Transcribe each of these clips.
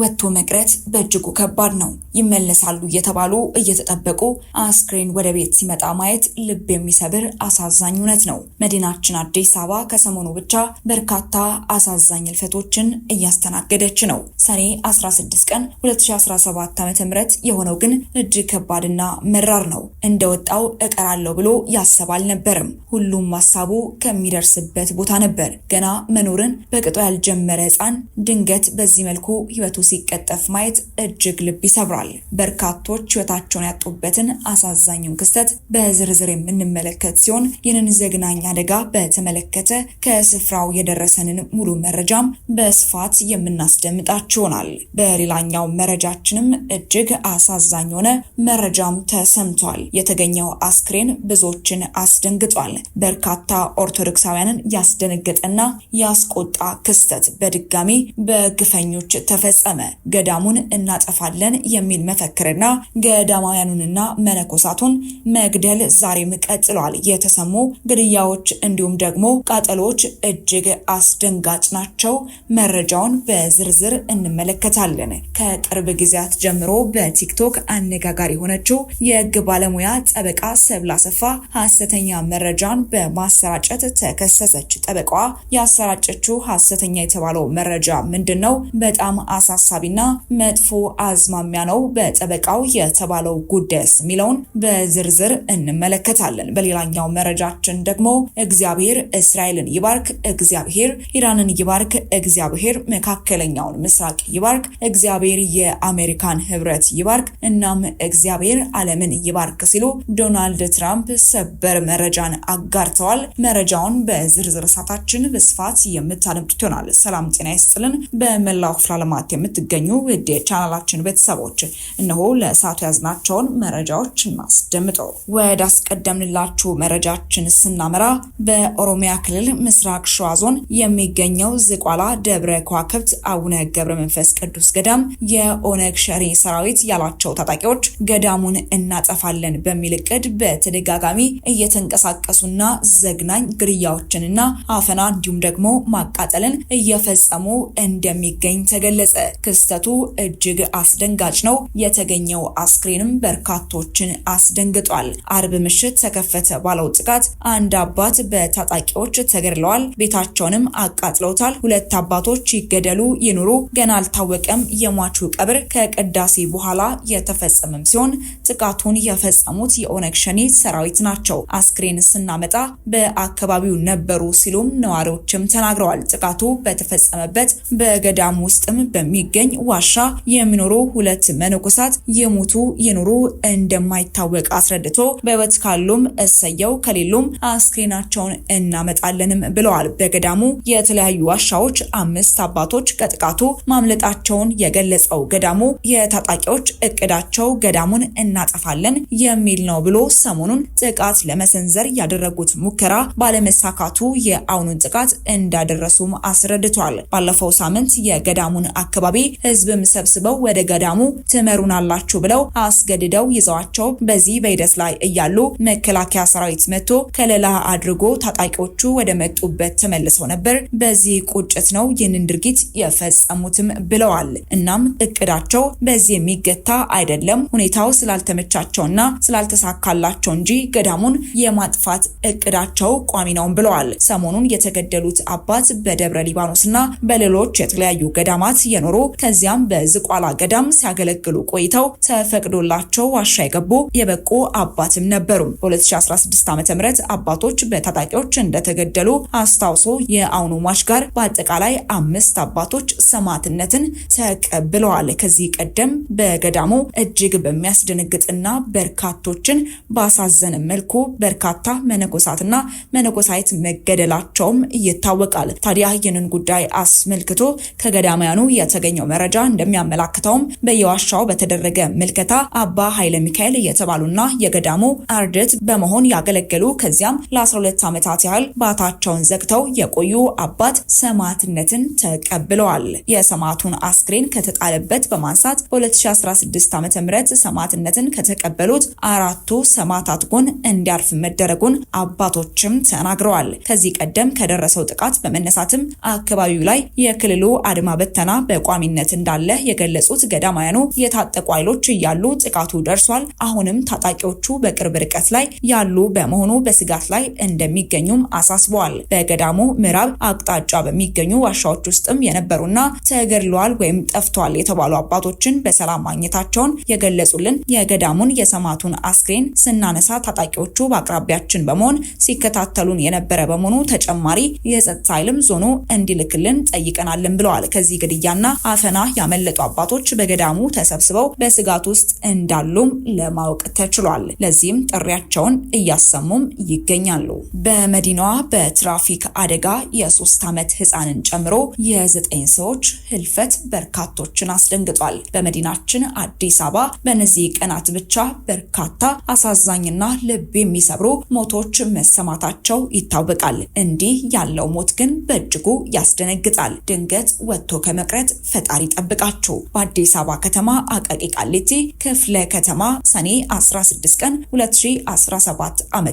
ወጥቶ መቅረት በእጅጉ ከባድ ነው። ይመለሳሉ እየተባሉ እየተጠበቁ አስክሬን ወደ ቤት ሲመጣ ማየት ልብ የሚሰብር አሳዛኝ እውነት ነው። መዲናችን አዲስ አበባ ከሰሞኑ ብቻ በርካታ አሳዛኝ እልፈቶችን እያስተናገደች ነው። ሰኔ 16 ቀን 2017 ዓ.ም የሆነው ግን እጅግ ከባድና መራር ነው። እንደወጣው እቀራለሁ ብሎ ያሰብ አልነበርም። ሁሉም ሀሳቡ ከሚደርስበት ቦታ ነበር። ገና መኖርን በቅጦ ያልጀመረ ህፃን ድንገት በዚህ መልኩ ህይወቱ ሲቀጠፍ ማየት እጅግ ልብ ይሰብራል። በርካቶች ህይወታቸውን ያጡበትን አሳዛኙን ክስተት በዝርዝር የምንመለከት ሲሆን ይህንን ዘግናኝ አደጋ በተመለከተ ከስፍራው የደረሰንን ሙሉ መረጃም በስፋት የምናስደምጣችሁ ይሆናል። በሌላኛው መረጃችንም እጅግ አሳዛኝ የሆነ መረጃም ተሰምቷል። የተገኘው አስክሬን ብዙዎችን አስደንግጧል። በርካታ ኦርቶዶክሳውያንን ያስደነገጠና ያስቆጣ ክስተት በድጋሚ በግፈኞች ተፈጸመ። ተፈጸመ። ገዳሙን እናጠፋለን የሚል መፈክርና ገዳማውያኑንና መነኮሳቱን መግደል ዛሬም ቀጥሏል። የተሰሙ ግድያዎች እንዲሁም ደግሞ ቃጠሎዎች እጅግ አስደንጋጭ ናቸው። መረጃውን በዝርዝር እንመለከታለን። ከቅርብ ጊዜያት ጀምሮ በቲክቶክ አነጋጋሪ የሆነችው የህግ ባለሙያ ጠበቃ ሰብለ አሰፋ ሐሰተኛ መረጃን በማሰራጨት ተከሰሰች። ጠበቃዋ ያሰራጨችው ሐሰተኛ የተባለው መረጃ ምንድን ነው? በጣም አሳ አሳሳቢና መጥፎ አዝማሚያ ነው በጠበቃው የተባለው ጉዳይስ የሚለውን በዝርዝር እንመለከታለን። በሌላኛው መረጃችን ደግሞ እግዚአብሔር እስራኤልን ይባርክ፣ እግዚአብሔር ኢራንን ይባርክ፣ እግዚአብሔር መካከለኛውን ምስራቅ ይባርክ፣ እግዚአብሔር የአሜሪካን ህብረት ይባርክ፣ እናም እግዚአብሔር ዓለምን ይባርክ ሲሉ ዶናልድ ትራምፕ ሰበር መረጃን አጋርተዋል። መረጃውን በዝርዝር እሳታችን በስፋት የምታደምጡት ይሆናል። ሰላም ጤና ይስጥልን። በመላው ክፍለ ዓለማት የምትገኙ ውድ የቻናላችን ቤተሰቦች እነሆ ለእሳቱ ያዝናቸውን መረጃዎች እናስደምጠው። ወደ አስቀደምንላችሁ መረጃችን ስናመራ በኦሮሚያ ክልል ምስራቅ ሸዋ ዞን የሚገኘው ዝቋላ ደብረ ከዋክብት አቡነ ገብረ መንፈስ ቅዱስ ገዳም የኦነግ ሸሪ ሰራዊት ያላቸው ታጣቂዎች ገዳሙን እናጠፋለን በሚል እቅድ በተደጋጋሚ እየተንቀሳቀሱና ዘግናኝ ግድያዎችንና አፈና እንዲሁም ደግሞ ማቃጠልን እየፈጸሙ እንደሚገኝ ተገለጸ። ክስተቱ እጅግ አስደንጋጭ ነው። የተገኘው አስክሬንም በርካቶችን አስደንግጧል። አርብ ምሽት ተከፈተ ባለው ጥቃት አንድ አባት በታጣቂዎች ተገድለዋል። ቤታቸውንም አቃጥለውታል። ሁለት አባቶች ይገደሉ ይኑሩ ገና አልታወቀም። የሟቹ ቀብር ከቅዳሴ በኋላ የተፈጸመም ሲሆን ጥቃቱን የፈጸሙት የኦነግ ሸኔ ሰራዊት ናቸው። አስክሬን ስናመጣ በአካባቢው ነበሩ ሲሉም ነዋሪዎችም ተናግረዋል። ጥቃቱ በተፈጸመበት በገዳም ውስጥም በሚ በሚገኝ ዋሻ የሚኖሩ ሁለት መነኮሳት የሞቱ የኖሩ እንደማይታወቅ አስረድቶ በህይወት ካሉም እሰየው ከሌሉም አስክሬናቸውን እናመጣለንም ብለዋል። በገዳሙ የተለያዩ ዋሻዎች አምስት አባቶች ከጥቃቱ ማምለጣቸውን የገለጸው ገዳሙ የታጣቂዎች እቅዳቸው ገዳሙን እናጠፋለን የሚል ነው ብሎ ሰሞኑን ጥቃት ለመሰንዘር ያደረጉት ሙከራ ባለመሳካቱ የአሁኑን ጥቃት እንዳደረሱም አስረድቷል። ባለፈው ሳምንት የገዳሙን አካባቢ አካባቢ ህዝብም ሰብስበው ወደ ገዳሙ ትመሩናላችሁ ብለው አስገድደው ይዘዋቸው በዚህ በሂደት ላይ እያሉ መከላከያ ሰራዊት መጥቶ ከለላ አድርጎ ታጣቂዎቹ ወደ መጡበት ተመልሰው ነበር። በዚህ ቁጭት ነው ይህንን ድርጊት የፈጸሙትም ብለዋል። እናም እቅዳቸው በዚህ የሚገታ አይደለም፣ ሁኔታው ስላልተመቻቸውና ስላልተሳካላቸው እንጂ ገዳሙን የማጥፋት እቅዳቸው ቋሚ ነው ብለዋል። ሰሞኑን የተገደሉት አባት በደብረ ሊባኖስና በሌሎች የተለያዩ ገዳማት የኖሩ ከዚያም በዝቋላ ገዳም ሲያገለግሉ ቆይተው ተፈቅዶላቸው ዋሻ የገቡ የበቁ አባትም ነበሩ። በ2016 ዓ ም አባቶች በታጣቂዎች እንደተገደሉ አስታውሶ የአሁኑ ሟች ጋር በአጠቃላይ አምስት አባቶች ሰማዕትነትን ተቀብለዋል። ከዚህ ቀደም በገዳሙ እጅግ በሚያስደነግጥና በርካቶችን ባሳዘነ መልኩ በርካታ መነኮሳትና መነኮሳይት መገደላቸውም ይታወቃል። ታዲያ ይህንን ጉዳይ አስመልክቶ ከገዳማያኑ የተገኘ የተገኘው መረጃ እንደሚያመላክተውም በየዋሻው በተደረገ ምልከታ አባ ኃይለ ሚካኤል የተባሉና የገዳሙ አርድት በመሆን ያገለገሉ ከዚያም ለ12 ዓመታት ያህል ባታቸውን ዘግተው የቆዩ አባት ሰማዕትነትን ተቀብለዋል። የሰማዕቱን አስክሬን ከተጣለበት በማንሳት በ2016 ዓ ም ሰማዕትነትን ከተቀበሉት አራቱ ሰማዕታት ጎን እንዲያርፍ መደረጉን አባቶችም ተናግረዋል። ከዚህ ቀደም ከደረሰው ጥቃት በመነሳትም አካባቢው ላይ የክልሉ አድማ በተና በቋሚ ተፈጻሚነት እንዳለ የገለጹት ገዳማያኑ የታጠቁ ኃይሎች እያሉ ጥቃቱ ደርሷል። አሁንም ታጣቂዎቹ በቅርብ ርቀት ላይ ያሉ በመሆኑ በስጋት ላይ እንደሚገኙም አሳስበዋል። በገዳሙ ምዕራብ አቅጣጫ በሚገኙ ዋሻዎች ውስጥም የነበሩና ተገድለዋል ወይም ጠፍቷል የተባሉ አባቶችን በሰላም ማግኘታቸውን የገለጹልን የገዳሙን የሰማዕቱን አስክሬን ስናነሳ ታጣቂዎቹ በአቅራቢያችን በመሆን ሲከታተሉን የነበረ በመሆኑ ተጨማሪ የጸጥታ ኃይልም ዞኑ እንዲልክልን ጠይቀናልን ብለዋል። ከዚህ ግድያና አፈና ያመለጡ አባቶች በገዳሙ ተሰብስበው በስጋት ውስጥ እንዳሉም ለማወቅ ተችሏል። ለዚህም ጥሪያቸውን እያሰሙም ይገኛሉ። በመዲናዋ በትራፊክ አደጋ የሶስት ዓመት ህፃንን ጨምሮ የዘጠኝ ሰዎች ህልፈት በርካቶችን አስደንግጧል። በመዲናችን አዲስ አበባ በእነዚህ ቀናት ብቻ በርካታ አሳዛኝና ልብ የሚሰብሩ ሞቶች መሰማታቸው ይታወቃል። እንዲህ ያለው ሞት ግን በእጅጉ ያስደነግጣል። ድንገት ወጥቶ ከመቅረት ፈጣሪ ጠብቃችሁ። በአዲስ አበባ ከተማ አቃቂ ቃሊቲ ክፍለ ከተማ ሰኔ 16 ቀን 2017 ዓ.ም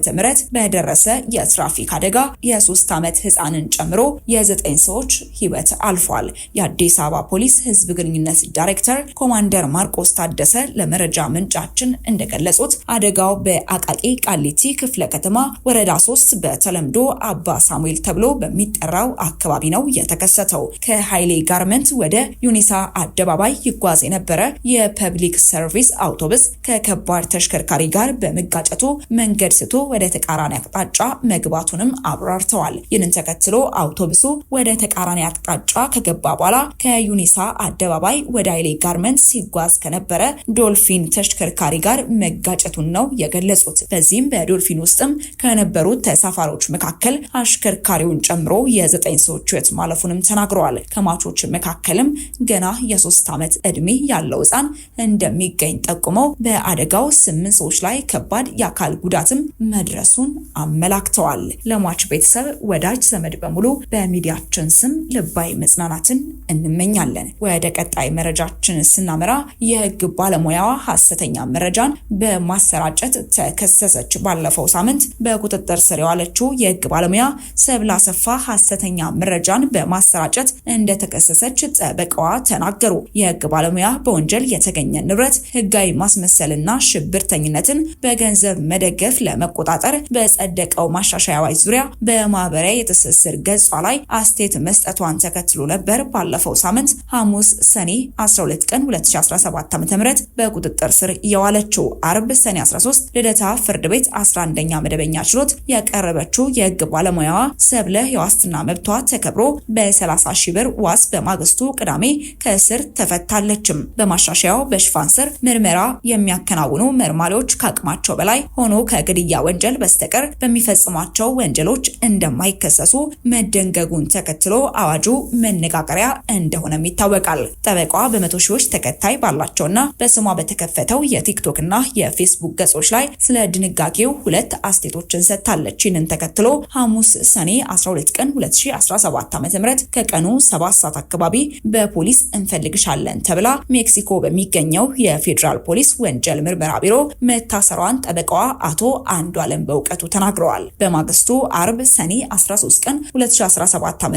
በደረሰ የትራፊክ አደጋ የሶስት ዓመት ህፃንን ጨምሮ የዘጠኝ ሰዎች ህይወት አልፏል። የአዲስ አበባ ፖሊስ ህዝብ ግንኙነት ዳይሬክተር ኮማንደር ማርቆስ ታደሰ ለመረጃ ምንጫችን እንደገለጹት አደጋው በአቃቂ ቃሊቲ ክፍለ ከተማ ወረዳ 3 በተለምዶ አባ ሳሙኤል ተብሎ በሚጠራው አካባቢ ነው የተከሰተው። ከኃይሌ ጋርመንት ወደ ዩኒሳ አደባባይ ይጓዝ የነበረ የፐብሊክ ሰርቪስ አውቶቡስ ከከባድ ተሽከርካሪ ጋር በመጋጨቱ መንገድ ስቶ ወደ ተቃራኒ አቅጣጫ መግባቱንም አብራርተዋል። ይህንን ተከትሎ አውቶቡሱ ወደ ተቃራኒ አቅጣጫ ከገባ በኋላ ከዩኒሳ አደባባይ ወደ አይሌ ጋርመንት ሲጓዝ ከነበረ ዶልፊን ተሽከርካሪ ጋር መጋጨቱን ነው የገለጹት። በዚህም በዶልፊን ውስጥም ከነበሩት ተሳፋሪዎች መካከል አሽከርካሪውን ጨምሮ የዘጠኝ ሰዎች ሕይወት ማለፉንም ተናግረዋል። ከማቾች መካከልም ገና የሶስት ዓመት ዕድሜ ያለው ህፃን እንደሚገኝ ጠቁመው በአደጋው ስምንት ሰዎች ላይ ከባድ የአካል ጉዳትም መድረሱን አመላክተዋል። ለሟች ቤተሰብ ወዳጅ ዘመድ በሙሉ በሚዲያችን ስም ልባዊ መጽናናትን እንመኛለን። ወደ ቀጣይ መረጃችን ስናመራ የህግ ባለሙያዋ ሀሰተኛ መረጃን በማሰራጨት ተከሰሰች። ባለፈው ሳምንት በቁጥጥር ስር የዋለችው የህግ ባለሙያ ሰብለ አሰፋ ሀሰተኛ መረጃን በማሰራጨት እንደተከሰሰች ጠበቃ ጠበቃዋ ተናገሩ። የህግ ባለሙያ በወንጀል የተገኘ ንብረት ህጋዊ ማስመሰልና ሽብርተኝነትን በገንዘብ መደገፍ ለመቆጣጠር በጸደቀው ማሻሻያ አዋጅ ዙሪያ በማህበሪያ የትስስር ገጿ ላይ አስቴት መስጠቷን ተከትሎ ነበር ባለፈው ሳምንት ሐሙስ ሰኔ 12 ቀን 2017 ዓ.ም በቁጥጥር ስር የዋለችው። አርብ ሰኔ 13 ልደታ ፍርድ ቤት 11ኛ መደበኛ ችሎት ያቀረበችው የህግ ባለሙያዋ ሰብለ የዋስትና መብቷ ተከብሮ በ30 ሺህ ብር ዋስ በማግስቱ ቅዳሜ ቅዳሜ ከእስር ተፈታለችም። በማሻሻያው በሽፋን ስር ምርመራ የሚያከናውኑ መርማሪዎች ከአቅማቸው በላይ ሆኖ ከግድያ ወንጀል በስተቀር በሚፈጽሟቸው ወንጀሎች እንደማይከሰሱ መደንገጉን ተከትሎ አዋጁ መነጋገሪያ እንደሆነም ይታወቃል። ጠበቋ በመቶ ሺዎች ተከታይ ባላቸውና በስሟ በተከፈተው የቲክቶክ እና የፌስቡክ ገጾች ላይ ስለ ድንጋጌው ሁለት አስቴቶችን ሰጥታለች። ይህንን ተከትሎ ሐሙስ ሰኔ 12 ቀን 2017 ዓ.ም ከቀኑ 7 ሰዓት አካባቢ በ ፖሊስ እንፈልግሻለን ተብላ ሜክሲኮ በሚገኘው የፌዴራል ፖሊስ ወንጀል ምርመራ ቢሮ መታሰሯን ጠበቃዋ አቶ አንዱ አለም በእውቀቱ ተናግረዋል። በማግስቱ አርብ ሰኔ 13 ቀን 2017 ዓ.ም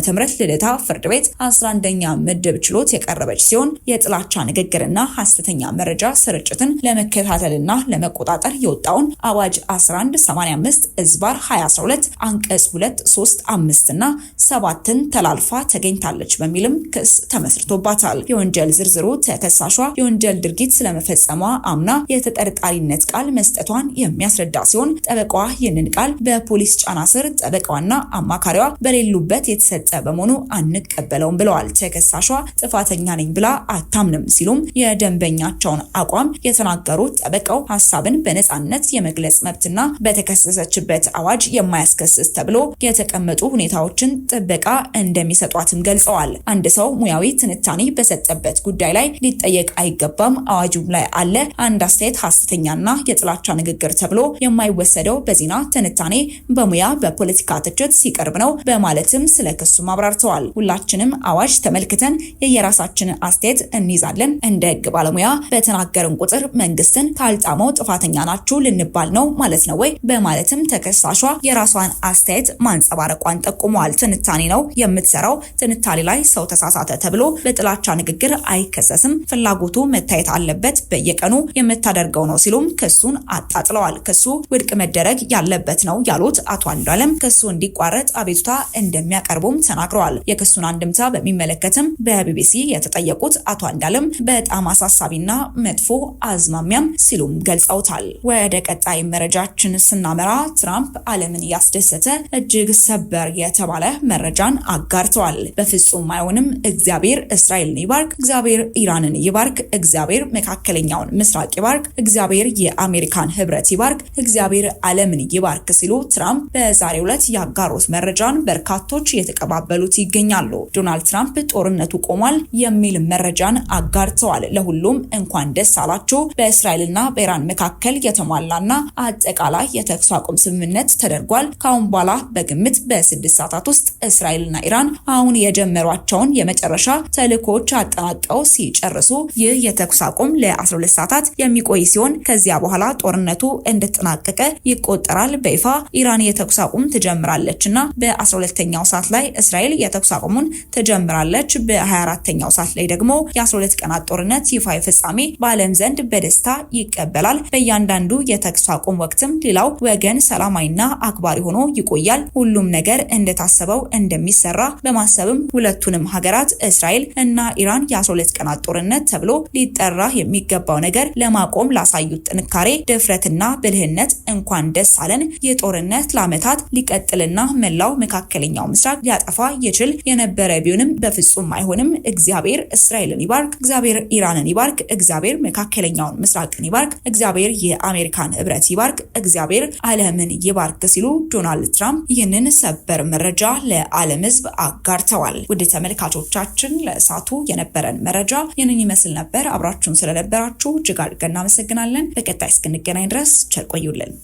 ልደታ ፍርድ ቤት 11ኛ ምድብ ችሎት የቀረበች ሲሆን የጥላቻ ንግግርና ሐሰተኛ መረጃ ስርጭትን ለመከታተልና ለመቆጣጠር የወጣውን አዋጅ 1185 እዝባር 212 አንቀጽ 2 3 5 እና 7 ተላልፋ ተገኝታለች በሚልም ክስ ተመስርቷል። ተመስርቶባታል። የወንጀል ዝርዝሩ ተከሳሿ የወንጀል ድርጊት ስለመፈጸሟ አምና የተጠርጣሪነት ቃል መስጠቷን የሚያስረዳ ሲሆን ጠበቃዋ ይህንን ቃል በፖሊስ ጫና ስር ጠበቃዋና አማካሪዋ በሌሉበት የተሰጠ በመሆኑ አንቀበለውም ብለዋል። ተከሳሿ ጥፋተኛ ነኝ ብላ አታምንም ሲሉም የደንበኛቸውን አቋም የተናገሩት ጠበቃው ሀሳብን በነፃነት የመግለጽ መብትና በተከሰሰችበት አዋጅ የማያስከስስ ተብሎ የተቀመጡ ሁኔታዎችን ጥበቃ እንደሚሰጧትም ገልጸዋል። አንድ ሰው ሙያዊ ትንታኔ በሰጠበት ጉዳይ ላይ ሊጠየቅ አይገባም፣ አዋጁም ላይ አለ። አንድ አስተያየት ሀሰተኛና የጥላቻ ንግግር ተብሎ የማይወሰደው በዜና ትንታኔ በሙያ በፖለቲካ ትችት ሲቀርብ ነው በማለትም ስለ ክሱ አብራርተዋል። ሁላችንም አዋጅ ተመልክተን የየራሳችንን አስተያየት እንይዛለን። እንደ ህግ ባለሙያ በተናገርን ቁጥር መንግስትን ካልጣመው ጥፋተኛ ናችሁ ልንባል ነው ማለት ነው ወይ? በማለትም ተከሳሿ የራሷን አስተያየት ማንጸባረቋን ጠቁመዋል። ትንታኔ ነው የምትሰራው። ትንታኔ ላይ ሰው ተሳሳተ ተብሎ በጥላቻ ንግግር አይከሰስም፣ ፍላጎቱ መታየት አለበት፣ በየቀኑ የምታደርገው ነው ሲሉም ክሱን አጣጥለዋል። ክሱ ውድቅ መደረግ ያለበት ነው ያሉት አቶ አንዷለም ክሱ እንዲቋረጥ አቤቱታ እንደሚያቀርቡም ተናግረዋል። የክሱን አንድምታ በሚመለከትም በቢቢሲ የተጠየቁት አቶ አንዱዓለም በጣም አሳሳቢና መጥፎ አዝማሚያም ሲሉም ገልጸውታል። ወደ ቀጣይ መረጃችን ስናመራ ትራምፕ ዓለምን ያስደሰተ እጅግ ሰበር የተባለ መረጃን አጋርተዋል። በፍጹም አይሆንም፣ እግዚአብሔር እስራኤልን ይባርክ፣ እግዚአብሔር ኢራንን ይባርክ፣ እግዚአብሔር መካከለኛውን ምስራቅ ይባርክ፣ እግዚአብሔር የአሜሪካን ህብረት ይባርክ፣ እግዚአብሔር ዓለምን ይባርክ ሲሉ ትራምፕ በዛሬው ዕለት ያጋሩት መረጃን በርካቶች የተቀባበሉት ይገኛሉ። ዶናልድ ትራምፕ ጦርነቱ ቆሟል የሚል መረጃን አጋርተዋል። ለሁሉም እንኳን ደስ አላችሁ። በእስራኤልና በኢራን መካከል የተሟላና አጠቃላይ የተኩስ አቁም ስምምነት ተደርጓል። ከአሁን በኋላ በግምት በስድስት ሰዓታት ውስጥ እስራኤልና ኢራን አሁን የጀመሯቸውን የመጨረሻ ተልእኮዎች አጠናቀው ሲጨርሱ ይህ የተኩስ አቁም ለ12 ሰዓታት የሚቆይ ሲሆን ከዚያ በኋላ ጦርነቱ እንደተጠናቀቀ ይቆጠራል። በይፋ ኢራን የተኩስ አቁም ትጀምራለች እና በ12ኛው ሰዓት ላይ እስራኤል የተኩስ አቁሙን ትጀምራለች። በ24ኛው ሰዓት ላይ ደግሞ የ12 ቀናት ጦርነት ይፋዊ ፍጻሜ በዓለም ዘንድ በደስታ ይቀበላል። በእያንዳንዱ የተኩስ አቁም ወቅትም ሌላው ወገን ሰላማዊና አክባሪ ሆኖ ይቆያል። ሁሉም ነገር እንደታሰበው እንደሚሰራ በማሰብም ሁለቱንም ሀገራት እስራኤል እስራኤል እና ኢራን የ12 ቀናት ጦርነት ተብሎ ሊጠራ የሚገባው ነገር ለማቆም ላሳዩት ጥንካሬ፣ ድፍረትና ብልህነት እንኳን ደስ አለን። የጦርነት ለዓመታት ሊቀጥልና መላው መካከለኛው ምስራቅ ሊያጠፋ ይችል የነበረ ቢሆንም በፍጹም አይሆንም። እግዚአብሔር እስራኤልን ይባርክ። እግዚአብሔር ኢራንን ይባርክ። እግዚአብሔር መካከለኛውን ምስራቅን ይባርክ። እግዚአብሔር የአሜሪካን ህብረት ይባርክ። እግዚአብሔር ዓለምን ይባርክ ሲሉ ዶናልድ ትራምፕ ይህንን ሰበር መረጃ ለዓለም ህዝብ አጋርተዋል። ውድ ተመልካቾቻችን በሳቱ የነበረን መረጃ ይህንን ይመስል ነበር። አብራችሁን ስለነበራችሁ እጅግ አድርገን እናመሰግናለን። በቀጣይ እስክንገናኝ ድረስ ቸር ቆዩልን።